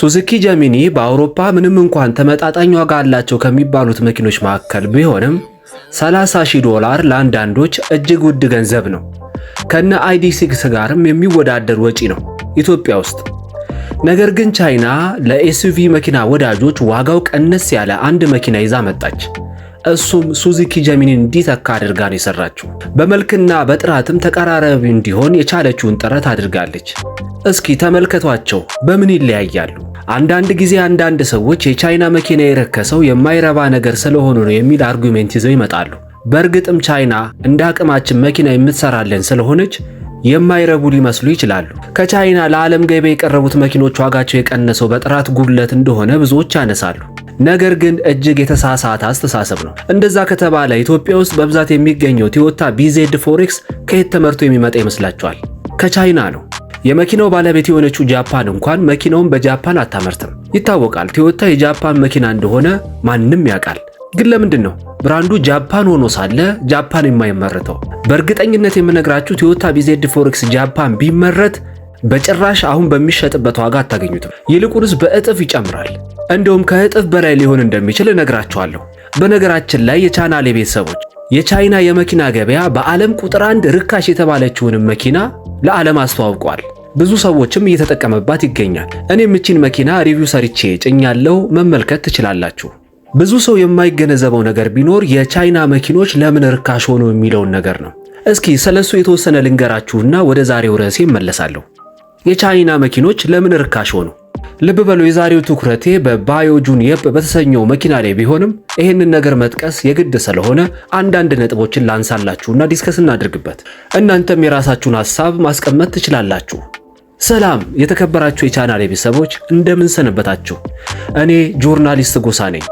ሱዙኪ ጀሚኒ በአውሮፓ ምንም እንኳን ተመጣጣኝ ዋጋ አላቸው ከሚባሉት መኪኖች መካከል ቢሆንም 30 ሺህ ዶላር ለአንዳንዶች እጅግ ውድ ገንዘብ ነው። ከነ አይዲ ጋርም የሚወዳደር ወጪ ነው ኢትዮጵያ ውስጥ። ነገር ግን ቻይና ለኤስዩቪ መኪና ወዳጆች ዋጋው ቀነስ ያለ አንድ መኪና ይዛ መጣች። እሱም ሱዚኪ ጀሚኒን እንዲተካ አድርጋ ነው የሰራችው። በመልክና በጥራትም ተቀራራቢ እንዲሆን የቻለችውን ጥረት አድርጋለች። እስኪ ተመልከቷቸው፣ በምን ይለያያሉ? አንዳንድ ጊዜ አንዳንድ ሰዎች የቻይና መኪና የረከሰው የማይረባ ነገር ስለሆኑ ነው የሚል አርጉሜንት ይዘው ይመጣሉ። በእርግጥም ቻይና እንደ አቅማችን መኪና የምትሰራለን ስለሆነች የማይረቡ ሊመስሉ ይችላሉ። ከቻይና ለዓለም ገበያ የቀረቡት መኪኖች ዋጋቸው የቀነሰው በጥራት ጉድለት እንደሆነ ብዙዎች ያነሳሉ። ነገር ግን እጅግ የተሳሳተ አስተሳሰብ ነው። እንደዛ ከተባለ ኢትዮጵያ ውስጥ በብዛት የሚገኘው ቶዮታ ቢዜድ ፎሬክስ ከየት ተመርቶ የሚመጣ ይመስላችኋል? ከቻይና ነው። የመኪናው ባለቤት የሆነችው ጃፓን እንኳን መኪናውን በጃፓን አታመርትም። ይታወቃል። ቲዮታ የጃፓን መኪና እንደሆነ ማንም ያውቃል። ግን ለምንድን ነው ብራንዱ ጃፓን ሆኖ ሳለ ጃፓን የማይመረተው? በእርግጠኝነት የምነግራችሁ ቶዮታ ቢዜድ ፎሬክስ ጃፓን ቢመረት በጭራሽ አሁን በሚሸጥበት ዋጋ አታገኙትም። ይልቁንስ በእጥፍ ይጨምራል። እንደውም ከእጥፍ በላይ ሊሆን እንደሚችል እነግራችኋለሁ። በነገራችን ላይ የቻናሌ ቤተሰቦች የቻይና የመኪና ገበያ በዓለም ቁጥር አንድ ርካሽ የተባለችውንም መኪና ለዓለም አስተዋውቋል። ብዙ ሰዎችም እየተጠቀመባት ይገኛል። እኔም እቺን መኪና ሪቪው ሰርቼ ጭኛለሁ፣ መመልከት ትችላላችሁ። ብዙ ሰው የማይገነዘበው ነገር ቢኖር የቻይና መኪኖች ለምን ርካሽ ሆኑ የሚለውን ነገር ነው። እስኪ ስለሱ የተወሰነ ልንገራችሁና ወደ ዛሬው ርዕሴ እመለሳለሁ። የቻይና መኪኖች ለምን ርካሽ ሆኑ? ልብ በሉ፣ የዛሬው ትኩረቴ በባዮጁን የፕ በተሰኘው መኪና ላይ ቢሆንም ይህንን ነገር መጥቀስ የግድ ስለሆነ አንዳንድ ነጥቦችን ላንሳላችሁና ዲስከስ እናድርግበት። እናንተም የራሳችሁን ሀሳብ ማስቀመጥ ትችላላችሁ። ሰላም የተከበራችሁ የቻናል ቤተሰቦች እንደምን ሰነበታችሁ? እኔ ጆርናሊስት ጎሳ ነኝ።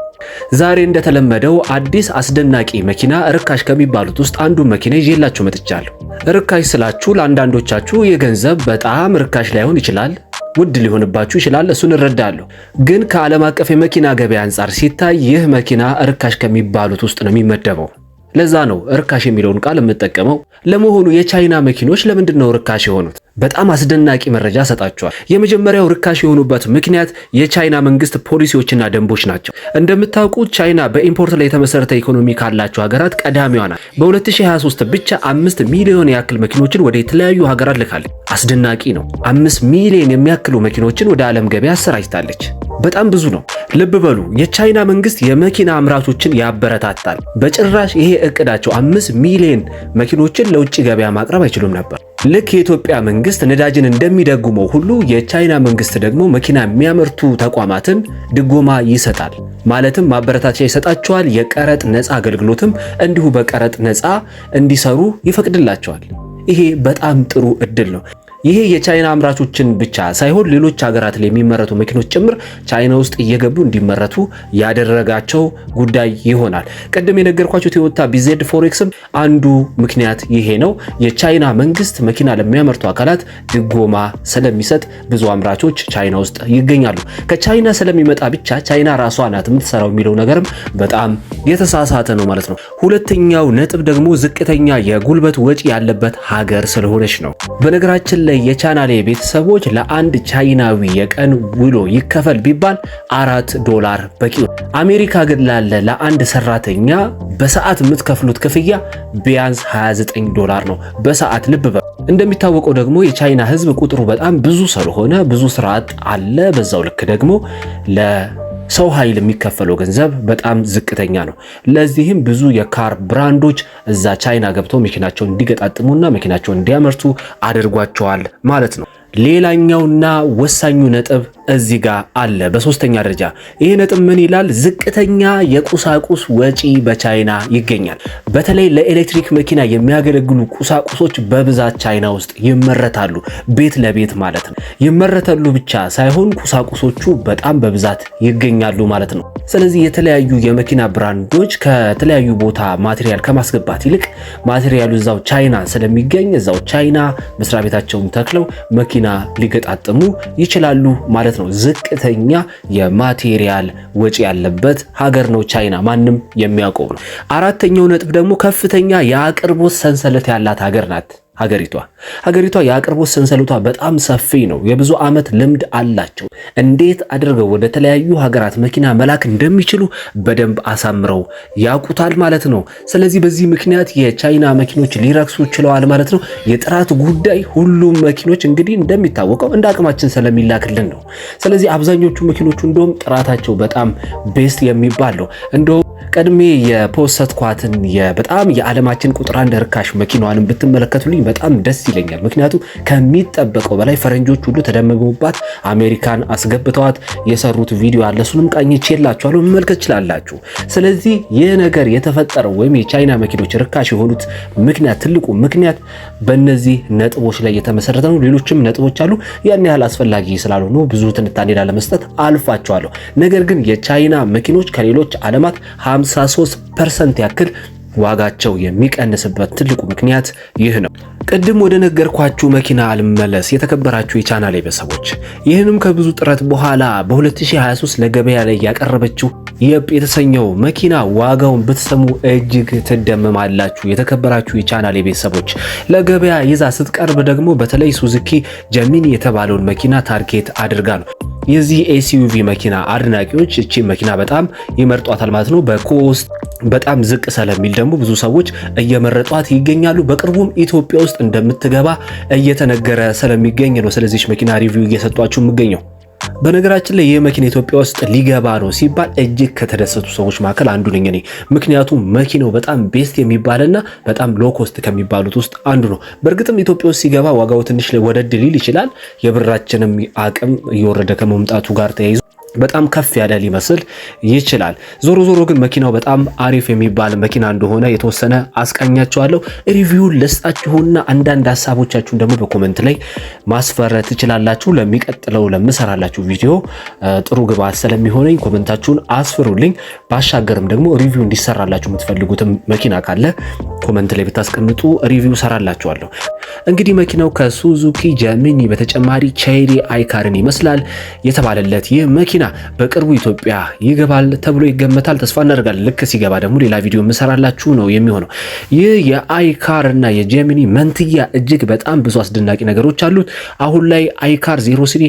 ዛሬ እንደተለመደው አዲስ አስደናቂ መኪና ርካሽ ከሚባሉት ውስጥ አንዱን መኪና ይዤላችሁ መጥቻለሁ። ርካሽ ስላችሁ ለአንዳንዶቻችሁ የገንዘብ በጣም ርካሽ ላይሆን ይችላል፣ ውድ ሊሆንባችሁ ይችላል። እሱን እረዳለሁ። ግን ከዓለም አቀፍ የመኪና ገበያ አንጻር ሲታይ ይህ መኪና ርካሽ ከሚባሉት ውስጥ ነው የሚመደበው። ለዛ ነው ርካሽ የሚለውን ቃል የምጠቀመው። ለመሆኑ የቻይና መኪኖች ለምንድን ነው ርካሽ የሆኑት? በጣም አስደናቂ መረጃ ሰጣቸዋል። የመጀመሪያው ርካሽ የሆኑበት ምክንያት የቻይና መንግስት ፖሊሲዎችና ደንቦች ናቸው። እንደምታውቁት ቻይና በኢምፖርት ላይ የተመሰረተ ኢኮኖሚ ካላቸው ሀገራት ቀዳሚዋ ናት። በ2023 ብቻ አምስት ሚሊዮን ያክል መኪኖችን ወደ የተለያዩ ሀገራት ልካለች። አስደናቂ ነው። አምስት ሚሊዮን የሚያክሉ መኪኖችን ወደ ዓለም ገበያ አሰራጅታለች። በጣም ብዙ ነው። ልብ በሉ የቻይና መንግስት የመኪና አምራቾችን ያበረታታል። በጭራሽ ይሄ እቅዳቸው አምስት ሚሊዮን መኪኖችን ለውጭ ገበያ ማቅረብ አይችሉም ነበር። ልክ የኢትዮጵያ መንግስት ነዳጅን እንደሚደጉመው ሁሉ የቻይና መንግስት ደግሞ መኪና የሚያመርቱ ተቋማትን ድጎማ ይሰጣል። ማለትም ማበረታቻ ይሰጣቸዋል። የቀረጥ ነፃ አገልግሎትም እንዲሁ በቀረጥ ነፃ እንዲሰሩ ይፈቅድላቸዋል። ይሄ በጣም ጥሩ እድል ነው። ይሄ የቻይና አምራቾችን ብቻ ሳይሆን ሌሎች ሀገራት ላይ የሚመረቱ መኪኖች ጭምር ቻይና ውስጥ እየገቡ እንዲመረቱ ያደረጋቸው ጉዳይ ይሆናል። ቅድም የነገርኳቸው ቶዮታ ቢዜድ ፎሬክስም አንዱ ምክንያት ይሄ ነው። የቻይና መንግስት መኪና ለሚያመርቱ አካላት ድጎማ ስለሚሰጥ ብዙ አምራቾች ቻይና ውስጥ ይገኛሉ። ከቻይና ስለሚመጣ ብቻ ቻይና ራሷ ናት የምትሰራው የሚለው ነገርም በጣም የተሳሳተ ነው ማለት ነው። ሁለተኛው ነጥብ ደግሞ ዝቅተኛ የጉልበት ወጪ ያለበት ሀገር ስለሆነች ነው። በነገራችን በተለይ የቻናሌ ቤተሰቦች ለአንድ ቻይናዊ የቀን ውሎ ይከፈል ቢባል አራት ዶላር በቂ አሜሪካ ግን ላለ ለአንድ ሰራተኛ በሰዓት የምትከፍሉት ክፍያ ቢያንስ 29 ዶላር ነው በሰዓት ልብ በ እንደሚታወቀው ደግሞ የቻይና ህዝብ ቁጥሩ በጣም ብዙ ስለሆነ ብዙ ስርዓት አለ። በዛው ልክ ደግሞ ለ ሰው ኃይል የሚከፈለው ገንዘብ በጣም ዝቅተኛ ነው። ለዚህም ብዙ የካር ብራንዶች እዛ ቻይና ገብተው መኪናቸውን እንዲገጣጥሙና መኪናቸውን እንዲያመርቱ አድርጓቸዋል ማለት ነው። ሌላኛውና ወሳኙ ነጥብ እዚህ ጋር አለ። በሶስተኛ ደረጃ ይህ ነጥብ ምን ይላል? ዝቅተኛ የቁሳቁስ ወጪ በቻይና ይገኛል። በተለይ ለኤሌክትሪክ መኪና የሚያገለግሉ ቁሳቁሶች በብዛት ቻይና ውስጥ ይመረታሉ። ቤት ለቤት ማለት ነው። ይመረታሉ ብቻ ሳይሆን ቁሳቁሶቹ በጣም በብዛት ይገኛሉ ማለት ነው። ስለዚህ የተለያዩ የመኪና ብራንዶች ከተለያዩ ቦታ ማቴሪያል ከማስገባት ይልቅ ማቴሪያሉ እዛው ቻይና ስለሚገኝ እዛው ቻይና መስሪያ ቤታቸውን ተክለው መኪና ሊገጣጥሙ ይችላሉ ማለት ነው። ነው። ዝቅተኛ የማቴሪያል ወጪ ያለበት ሀገር ነው ቻይና፣ ማንም የሚያውቀው ነው። አራተኛው ነጥብ ደግሞ ከፍተኛ የአቅርቦት ሰንሰለት ያላት ሀገር ናት። ሀገሪቷ ሀገሪቷ የአቅርቦት ሰንሰለቷ በጣም ሰፊ ነው። የብዙ ዓመት ልምድ አላቸው። እንዴት አድርገው ወደ ተለያዩ ሀገራት መኪና መላክ እንደሚችሉ በደንብ አሳምረው ያውቁታል ማለት ነው። ስለዚህ በዚህ ምክንያት የቻይና መኪኖች ሊረክሱ ችለዋል ማለት ነው። የጥራት ጉዳይ ሁሉም መኪኖች እንግዲህ እንደሚታወቀው እንደ አቅማችን ስለሚላክልን ነው። ስለዚህ አብዛኞቹ መኪኖቹ እንደውም ጥራታቸው በጣም ቤስት የሚባል ነው። እንደውም ቀድሜ የፖሰት ኳትን በጣም የዓለማችን ቁጥር አንድ ርካሽ መኪናዋንም ብትመለከቱልኝ በጣም ደስ ይለኛል። ምክንያቱም ከሚጠበቀው በላይ ፈረንጆች ሁሉ ተደምገውባት አሜሪካን አስገብተዋት የሰሩት ቪዲዮ አለ። እሱንም ቃኝቼላችኋለሁ መመልከት ችላላችሁ። ስለዚህ ይህ ነገር የተፈጠረው ወይም የቻይና መኪኖች ርካሽ የሆኑት ምክንያት ትልቁ ምክንያት በእነዚህ ነጥቦች ላይ የተመሰረተ ነው። ሌሎችም ነጥቦች አሉ፣ ያን ያህል አስፈላጊ ስላልሆኑ ብዙ ትንታኔ ላለመስጠት አልፋቸዋለሁ። ነገር ግን የቻይና መኪኖች ከሌሎች ዓለማት 53 ፐርሰንት ያክል ዋጋቸው የሚቀንስበት ትልቁ ምክንያት ይህ ነው። ቅድም ወደ ነገርኳችሁ መኪና አልመለስ የተከበራችሁ የቻናሌ ቤተሰቦች፣ ይህንም ከብዙ ጥረት በኋላ በ2023 ለገበያ ላይ ያቀረበችው የብ የተሰኘው መኪና ዋጋውን ብትሰሙ እጅግ ትደመማላችሁ። የተከበራችሁ የቻናሌ ቤተሰቦች፣ ለገበያ ይዛ ስትቀርብ ደግሞ በተለይ ሱዙኪ ጀሚኒ የተባለውን መኪና ታርጌት አድርጋ ነው የዚህ ኤስዩቪ መኪና አድናቂዎች እቺ መኪና በጣም ይመርጧታል ማለት ነው። በኮስት በጣም ዝቅ ስለሚል ደግሞ ብዙ ሰዎች እየመረጧት ይገኛሉ። በቅርቡም ኢትዮጵያ ውስጥ እንደምትገባ እየተነገረ ስለሚገኝ ነው ስለዚህ መኪና ሪቪው እየሰጧችሁ የምገኘው። በነገራችን ላይ ይህ መኪና ኢትዮጵያ ውስጥ ሊገባ ነው ሲባል እጅግ ከተደሰቱ ሰዎች መካከል አንዱ ነኝ እኔ። ምክንያቱም መኪናው በጣም ቤስት የሚባልና በጣም ሎኮስት ከሚባሉት ውስጥ አንዱ ነው። በእርግጥም ኢትዮጵያ ውስጥ ሲገባ ዋጋው ትንሽ ወደድ ሊል ይችላል። የብራችንም አቅም እየወረደ ከመምጣቱ ጋር ተያይዞ በጣም ከፍ ያለ ሊመስል ይችላል። ዞሮ ዞሮ ግን መኪናው በጣም አሪፍ የሚባል መኪና እንደሆነ የተወሰነ አስቃኛችኋለሁ። ሪቪውን ልስጣችሁና አንዳንድ ሀሳቦቻችሁን ደግሞ በኮመንት ላይ ማስፈረ ትችላላችሁ። ለሚቀጥለው ለምሰራላችሁ ቪዲዮ ጥሩ ግብዓት ስለሚሆነኝ ኮመንታችሁን አስፍሩልኝ። ባሻገርም ደግሞ ሪቪው እንዲሰራላችሁ የምትፈልጉትም መኪና ካለ ኮመንት ላይ ብታስቀምጡ ሪቪው ሰራላችኋለሁ። እንግዲህ መኪናው ከሱዙኪ ጀሚኒ በተጨማሪ ቼሪ አይካርን ይመስላል የተባለለት ይህ መኪና መኪና በቅርቡ ኢትዮጵያ ይገባል ተብሎ ይገመታል። ተስፋ እናደርጋለን። ልክ ሲገባ ደግሞ ሌላ ቪዲዮ የምሰራላችሁ ነው የሚሆነው። ይህ የአይካር እና የጀሚኒ መንትያ እጅግ በጣም ብዙ አስደናቂ ነገሮች አሉት። አሁን ላይ አይካር ዜሮ ስሪ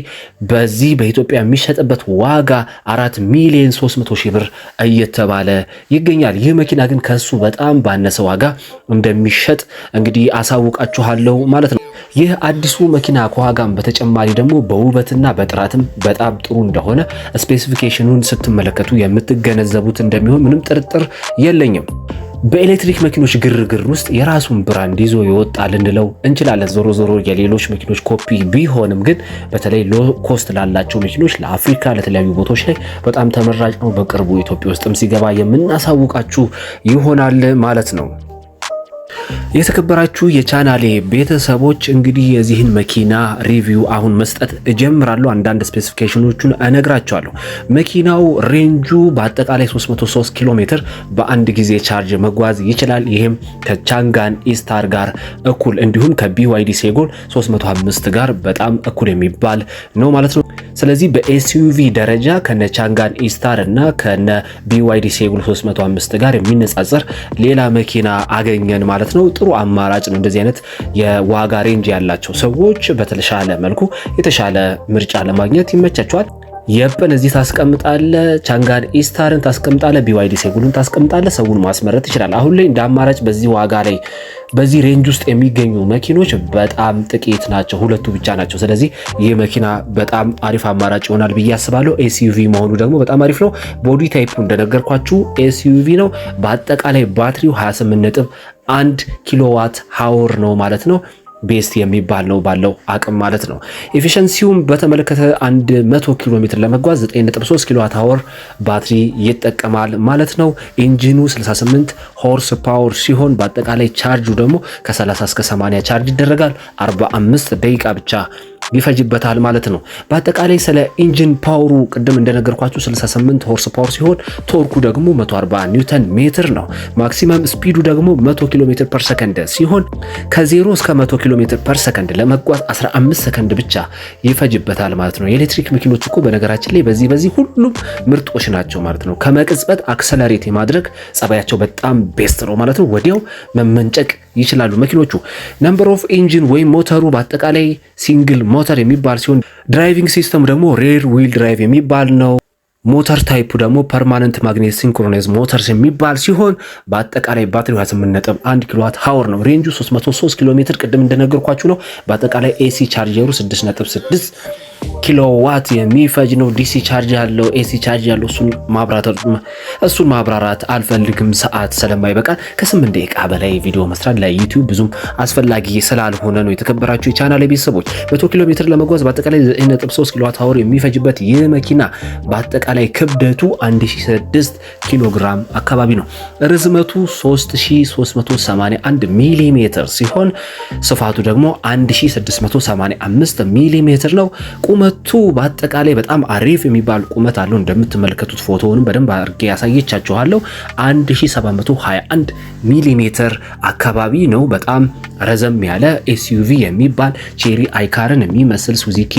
በዚህ በኢትዮጵያ የሚሸጥበት ዋጋ አራት ሚሊዮን 300 ሺህ ብር እየተባለ ይገኛል። ይህ መኪና ግን ከሱ በጣም ባነሰ ዋጋ እንደሚሸጥ እንግዲህ አሳውቃችኋለሁ ማለት ነው። ይህ አዲሱ መኪና ከዋጋም በተጨማሪ ደግሞ በውበትና በጥራትም በጣም ጥሩ እንደሆነ ስፔሲፊኬሽኑን ስትመለከቱ የምትገነዘቡት እንደሚሆን ምንም ጥርጥር የለኝም። በኤሌክትሪክ መኪኖች ግርግር ውስጥ የራሱን ብራንድ ይዞ የወጣ ልንለው እንችላለን። ዞሮ ዞሮ የሌሎች መኪኖች ኮፒ ቢሆንም ግን በተለይ ሎ ኮስት ላላቸው መኪኖች ለአፍሪካ ለተለያዩ ቦታዎች ላይ በጣም ተመራጭ ነው። በቅርቡ ኢትዮጵያ ውስጥም ሲገባ የምናሳውቃችሁ ይሆናል ማለት ነው። የተከበራችሁ የቻናሌ ቤተሰቦች እንግዲህ የዚህን መኪና ሪቪው አሁን መስጠት እጀምራለሁ። አንዳንድ ስፔሲፊኬሽኖቹን እነግራቸዋለሁ። መኪናው ሬንጁ በአጠቃላይ 303 ኪሎ ሜትር በአንድ ጊዜ ቻርጅ መጓዝ ይችላል። ይህም ከቻንጋን ኢስታር ጋር እኩል እንዲሁም ከቢዋይዲ ሴጎል 305 ጋር በጣም እኩል የሚባል ነው ማለት ነው። ስለዚህ በኤስዩቪ ደረጃ ከነ ቻንጋን ኢስታር እና ከነ ቢዋይዲ ሴጉል 305 ጋር የሚነጻጸር ሌላ መኪና አገኘን ማለት ነው። ጥሩ አማራጭ ነው። እንደዚህ አይነት የዋጋ ሬንጅ ያላቸው ሰዎች በተሻለ መልኩ የተሻለ ምርጫ ለማግኘት ይመቻቸዋል። የፕን እዚህ ታስቀምጣለ፣ ቻንጋን ኢስታርን ታስቀምጣለ፣ ቢዋይዲ ሴጉልን ታስቀምጣለ። ሰውን ማስመረት ይችላል። አሁን ላይ እንደ አማራጭ በዚህ ዋጋ ላይ በዚህ ሬንጅ ውስጥ የሚገኙ መኪኖች በጣም ጥቂት ናቸው፣ ሁለቱ ብቻ ናቸው። ስለዚህ ይህ መኪና በጣም አሪፍ አማራጭ ይሆናል ብዬ አስባለሁ። ኤስዩቪ መሆኑ ደግሞ በጣም አሪፍ ነው። ቦዲ ታይፑ እንደነገርኳችሁ ኤስዩቪ ነው። በአጠቃላይ ባትሪው 28 ነጥብ አንድ ኪሎዋት ሀወር ነው ማለት ነው። ቤስት የሚባለው ባለው አቅም ማለት ነው። ኤፊሸንሲውም በተመለከተ 100 ኪሎ ሜትር ለመጓዝ 9.3 ኪሎዋት አወር ባትሪ ይጠቀማል ማለት ነው። ኢንጂኑ 68 ሆርስ ፓወር ሲሆን በአጠቃላይ ቻርጁ ደግሞ ከ30 እስከ 80 ቻርጅ ይደረጋል። 45 ደቂቃ ብቻ ይፈጅበታል ማለት ነው። በአጠቃላይ ስለ ኢንጂን ፓወሩ ቅድም እንደነገርኳችሁ 68 ሆርስ ፓወር ሲሆን ቶርኩ ደግሞ 140 ኒውተን ሜትር ነው። ማክሲመም ስፒዱ ደግሞ 100 ኪሎ ሜትር ፐር ሰከንድ ሲሆን ከ0 እስከ 100 ኪሎ ሜትር ፐር ሰከንድ ለመጓዝ 15 ሰከንድ ብቻ ይፈጅበታል ማለት ነው። የኤሌክትሪክ መኪኖች እኮ በነገራችን ላይ በዚህ በዚህ ሁሉም ምርጦች ናቸው ማለት ነው። ከመቅጽበት አክሰለሬት የማድረግ ጸባያቸው በጣም ቤስት ነው ማለት ነው። ወዲያው መመንጨቅ ይችላሉ መኪኖቹ። ነምበር ኦፍ ኢንጂን ወይም ሞተሩ በአጠቃላይ ሲንግል ሞተር የሚባል ሲሆን ድራይቪንግ ሲስተም ደግሞ ሬር ዊል ድራይቭ የሚባል ነው። ሞተር ታይፑ ደግሞ ፐርማነንት ማግኔት ሲንክሮናይዝ ሞተርስ የሚባል ሲሆን በአጠቃላይ ባትሪ 28 1 ኪሎዋት ሀወር ነው። ሬንጁ 303 ኪሎ ሜትር ቅድም እንደነገርኳችሁ ነው። በአጠቃላይ ኤሲ ቻርጀሩ 6 6 ኪሎዋት የሚፈጅ ነው። ዲሲ ቻርጅ ያለው ኤሲ ቻርጅ ያለው እሱን ማብራራት አልፈልግም ሰዓት ስለማይበቃ ከስምንት ደቂቃ በላይ ቪዲዮ መስራት ለዩቲዩብ ብዙም አስፈላጊ ስላልሆነ ነው። የተከበራችሁ የቻናል ቤተሰቦች መቶ ኪሎ ሜትር ለመጓዝ በአጠቃላይ 9.3 ኪሎዋት ሀወር የሚፈጅበት ይህ መኪና በአጠቃላይ አጠቃላይ ክብደቱ 1006 ኪሎ ግራም አካባቢ ነው። ርዝመቱ 3381 ሚሊ ሜትር ሲሆን ስፋቱ ደግሞ 1685 ሚሊ ሜትር ነው። ቁመቱ በአጠቃላይ በጣም አሪፍ የሚባል ቁመት አለው። እንደምትመለከቱት ፎቶውንም በደንብ አድርጌ ያሳየቻችኋለሁ። 1721 ሚሊ ሜትር አካባቢ ነው። በጣም ረዘም ያለ ኤስዩቪ የሚባል ቼሪ አይካርን የሚመስል ሱዚኪ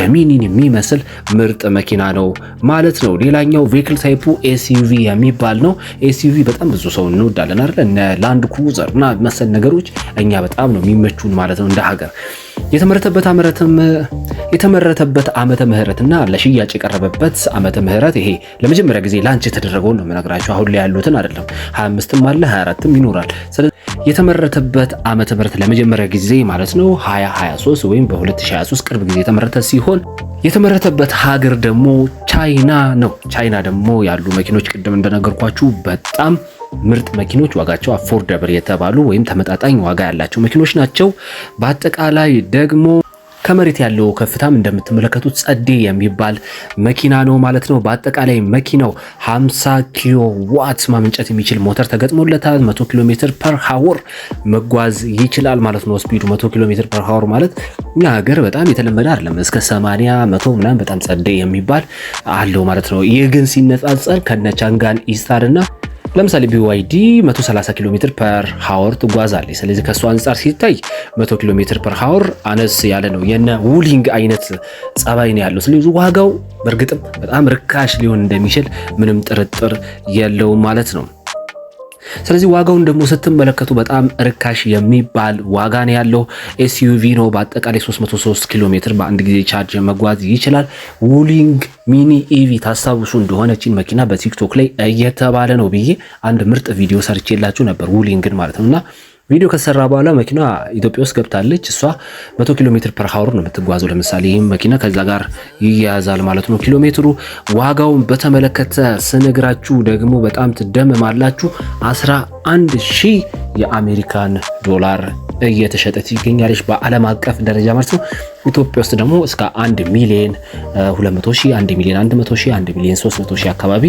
ጀሚኒን የሚመስል ምርጥ መኪና ነው ማለት ማለት ነው። ሌላኛው ቬክል ታይፑ ኤስዩቪ የሚባል ነው። ኤስዩቪ በጣም ብዙ ሰው እንወዳለን አይደል? እነ ላንድ ክሩዘር እና መሰል ነገሮች እኛ በጣም ነው የሚመቹን ማለት ነው እንደ ሀገር። የተመረተበት አመረተም የተመረተበት ዓመተ ምህረትና ለሽያጭ የቀረበበት አመተ ምህረት ይሄ ለመጀመሪያ ጊዜ ላንች የተደረገውን ነው የምነግራቸው። አሁን ላይ ያሉትን አይደለም። 25ም አለ 24ም ይኖራል። የተመረተበት ዓመተ ምህረት ለመጀመሪያ ጊዜ ማለት ነው 2023 ወይም በ2023 ቅርብ ጊዜ የተመረተ ሲሆን የተመረተበት ሀገር ደግሞ ቻይና ነው። ቻይና ደግሞ ያሉ መኪኖች ቅድም እንደነገርኳችሁ በጣም ምርጥ መኪኖች ዋጋቸው አፎርደብል የተባሉ ወይም ተመጣጣኝ ዋጋ ያላቸው መኪኖች ናቸው። በአጠቃላይ ደግሞ ከመሬት ያለው ከፍታም እንደምትመለከቱት ጸዴ የሚባል መኪና ነው ማለት ነው። በአጠቃላይ መኪናው 50 ኪሎ ዋት ማመንጨት የሚችል ሞተር ተገጥሞለታል። 100 ኪሎ ሜትር ፐር ሀወር መጓዝ ይችላል ማለት ነው። ስፒዱ 100 ኪሎ ሜትር ፐር ሀወር ማለት እኛ ሀገር በጣም የተለመደ አይደለም። እስከ 80 100 ምናምን በጣም ጸዴ የሚባል አለው ማለት ነው። ይህ ግን ሲነጻጸር ከነቻንጋን ቻንጋን ኢስታር እና ለምሳሌ ቢዋይዲ 130 ኪሎ ሜትር ፐር ሀወር ትጓዛለች። ስለዚህ ከእሱ አንጻር ሲታይ 100 ኪሎ ሜትር ፐር ሀወር አነስ ያለ ነው። የነ ውሊንግ አይነት ጸባይ ነው ያለው። ስለዚህ ዋጋው በእርግጥም በጣም ርካሽ ሊሆን እንደሚችል ምንም ጥርጥር የለውም ማለት ነው። ስለዚህ ዋጋውን ደግሞ ስትመለከቱ በጣም ርካሽ የሚባል ዋጋ ነው ያለው። ኤስዩቪ ነው። በአጠቃላይ 303 ኪሎ ሜትር በአንድ ጊዜ ቻርጅ መጓዝ ይችላል። ውሊንግ ሚኒ ኢቪ ታስታውሱ እንደሆነ ቺን መኪና በቲክቶክ ላይ እየተባለ ነው ብዬ አንድ ምርጥ ቪዲዮ ሰርቼላችሁ ነበር፣ ውሊንግን ማለት ነው እና ቪዲዮ ከተሰራ በኋላ መኪና ኢትዮጵያ ውስጥ ገብታለች። እሷ 100 ኪሎ ሜትር ፐር ሀወር ነው የምትጓዘው። ለምሳሌ ይህም መኪና ከዛ ጋር ይያያዛል ማለት ነው። ኪሎ ሜትሩ ዋጋውን በተመለከተ ስነግራችሁ ደግሞ በጣም ትደመማላችሁ። 11 ሺህ የአሜሪካን ዶላር እየተሸጠች ይገኛለች በዓለም አቀፍ ደረጃ ማለት ነው። ኢትዮጵያ ውስጥ ደግሞ እስከ 1 ሚሊዮን 200 ሺህ፣ 1 ሚሊዮን 100 ሺህ፣ 1 ሚሊዮን 300 ሺህ አካባቢ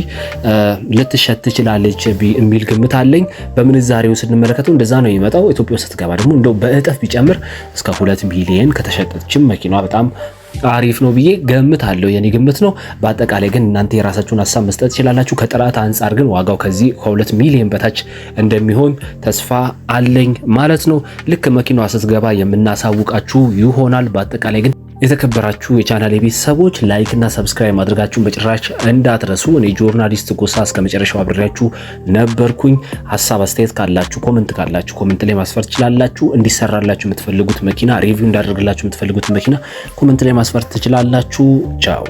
ልትሸጥ ትችላለች የሚል ግምት አለኝ። በምንዛሬው ስንመለከተው እንደዛ ነው የሚመጣው። ኢትዮጵያ ውስጥ ስትገባ ደግሞ እንደው በእጥፍ ቢጨምር እስከ 2 ሚሊዮን ከተሸጠችም መኪናዋ በጣም አሪፍ ነው ብዬ ገምት አለው። የኔ ግምት ነው። በአጠቃላይ ግን እናንተ የራሳችሁን ሀሳብ መስጠት ትችላላችሁ። ከጥራት አንጻር ግን ዋጋው ከዚህ ከሁለት ሚሊዮን በታች እንደሚሆን ተስፋ አለኝ ማለት ነው። ልክ መኪናዋ ስትገባ የምናሳውቃችሁ ይሆናል። በአጠቃላይ ግን የተከበራችሁ የቻናል ቤተሰቦች ላይክ እና ሰብስክራይብ ማድረጋችሁን በጭራሽ እንዳትረሱ። እኔ ጆርናሊስት ጎሳ እስከ መጨረሻው አብሬያችሁ ነበርኩኝ። ሀሳብ አስተያየት ካላችሁ ኮመንት ካላችሁ ኮመንት ላይ ማስፈር ትችላላችሁ። እንዲሰራላችሁ የምትፈልጉት መኪና ሪቪው እንዳደርግላችሁ የምትፈልጉት መኪና ኮመንት ላይ ማስፈር ትችላላችሁ። ቻው